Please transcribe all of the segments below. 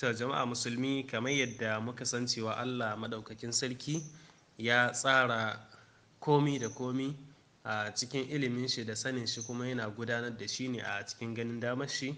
ta jama'a musulmi kamar yadda muka san cewa allah maɗaukakin sarki ya tsara komi da komi a cikin ilimin shi da sanin shi kuma yana gudanar da shi ne a cikin ganin damar shi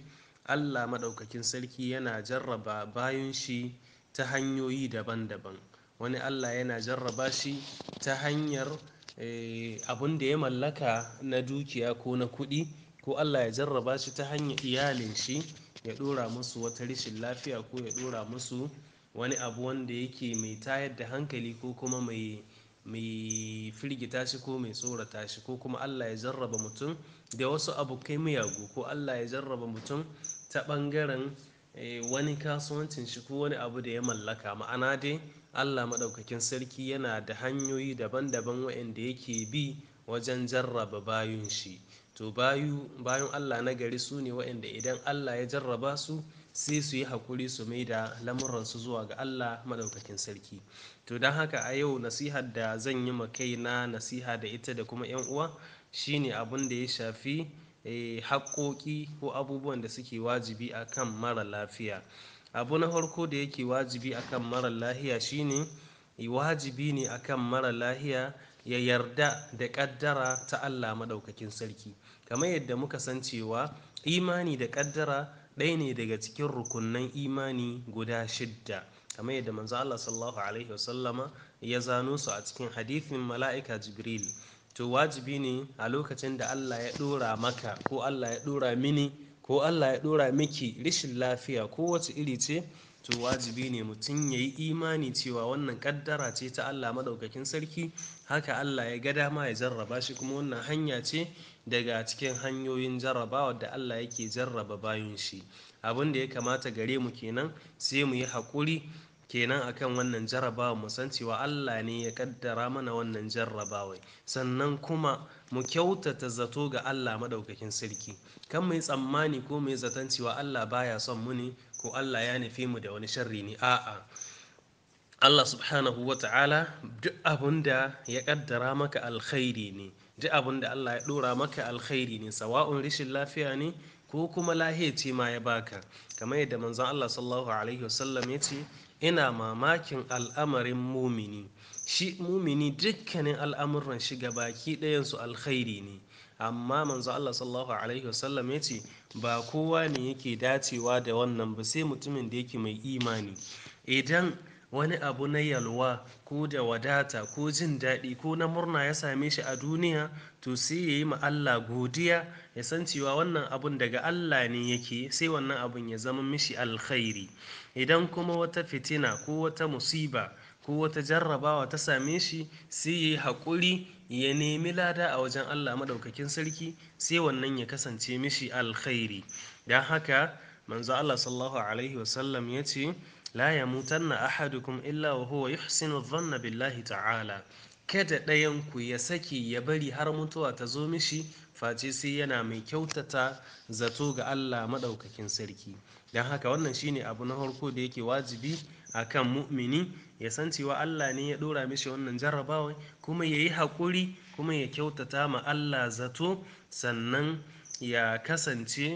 allah maɗaukakin sarki yana jarraba bayan shi ta hanyoyi daban-daban wani allah yana jarraba shi ta hanyar e, abin da ya mallaka na dukiya ko na kuɗi ko allah ya jarraba shi ta hanyar iyalin shi ya ɗora musu wata rashin lafiya ko ya ɗora musu wani abu wanda yake mai tayar da hankali ko kuma mai mai firgita shi ko mai tsorata shi ko kuma allah ya jarraba mutum da wasu abokai miyagu ko allah ya jarraba mutum ta ɓangaren eh, wani kasuwancin shi ko wani abu da ya mallaka ma'ana dai allah maɗaukakin sarki yana da hanyoyi daban-daban waɗanda yake bi wajen jarraba bayun shi to bayu bayan allah na gari su ne waɗanda idan allah ya jarraba su sai su yi hakuri su mai da lamuransu zuwa ga allah maɗaukakin sarki to don haka a yau nasihar da zan yi ma na nasiha da ita da kuma 'yan uwa shine abin da ya shafi eh, haƙoƙi ko abubuwan da suke wajibi kan mara lafiya abu na farko da yake wajibi akan mara lahiya shine wajibi ne akan mara lahiya ya yarda da ƙaddara ta Allah maɗaukakin sarki kamar yadda muka san cewa imani da ƙaddara ɗaya ne daga cikin rukunnan imani guda shidda kamar yadda manzo Allah sallallahu alaihi wasallama ya zano su a cikin hadithin mala'ika jibril to wajibi ne a lokacin da Allah ya ɗora maka ko Allah ya ɗora mini ko Allah ya ɗora miki rishin lafiya ko wace iri ce to wajibi ne mutum ya yi imani cewa wannan kaddara ce ta Allah maɗaukakin sarki haka Allah ya ga dama ya jarraba shi kuma wannan hanya ce daga cikin hanyoyin jarrabawa da Allah yake jarraba bayan shi abin da ya kamata gare mu kenan sai mu yi haƙuri kenan akan wannan jarrabawa mu san cewa Allah ne ya kaddara mana wannan jarrabawai sannan kuma mu kyautata zato ga Allah madaukakin sarki kan mai tsammani ko mai zaton cewa Allah baya son mu ne ko Allah ya nufi mu da wani sharri ne a'a Allah subhanahu wa ta'ala duk da ya kaddara maka alkhairi ne duk da Allah ya dora maka alkhairi ne sawa'un rishin lafiya ne ko kuma lahiya ce ma ya baka kamar yadda manzon Allah sallallahu alaihi wasallam ya ce ina mamakin al'amarin mumini shi mumini dukkanin al'amuran shi baki su alkhairi ne amma manzo Allah sallallahu alaihi wasallam ya ce ba kowa ne yake dacewa da wannan ba sai mutumin da yake mai imani idan wani abu na yalwa ko da wadata ko jin daɗi ko na murna ya same shi a duniya to sai ya yi Allah godiya ya san cewa wannan abun daga Allah ne yake sai wannan abun ya zama mishi alkhairi idan kuma wata fitina ko wata musiba ko wata jarrabawa ta same shi sai ya yi haƙuri ya nemi lada a wajen Allah maɗaukakin sarki sai wannan ya kasance mishi alkhairi don haka manzo Allah sallallahu alaihi wasallam ya ce la ya mutanna ahadukum illa wa huwa yuhsinu dhanna billahi ta'ala kada ɗayan ku ya saki ya bari har mutuwa ta zo mishi face sai yana mai kyautata zato ga Allah maɗaukakin sarki don haka wannan shine abu na harko da yake wajibi akan mu'mini ya san cewa Allah ne ya ɗora mishi wannan jarrabawa kuma ya yi haƙuri kuma ya kyautata ma Allah zato sannan ya kasance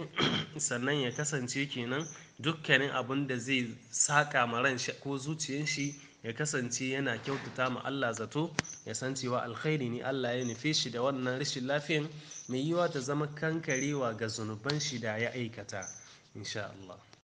kenan dukkanin abin da zai saƙa ma ran ko zuciyar shi ya kasance yana kyautata ma Allah zato ya san cewa alkhairi ne Allah ya nufe shi da wannan rashin lafiyan mai yiwa ta zama kankarewa ga zunuban shi da ya aikata insha Allah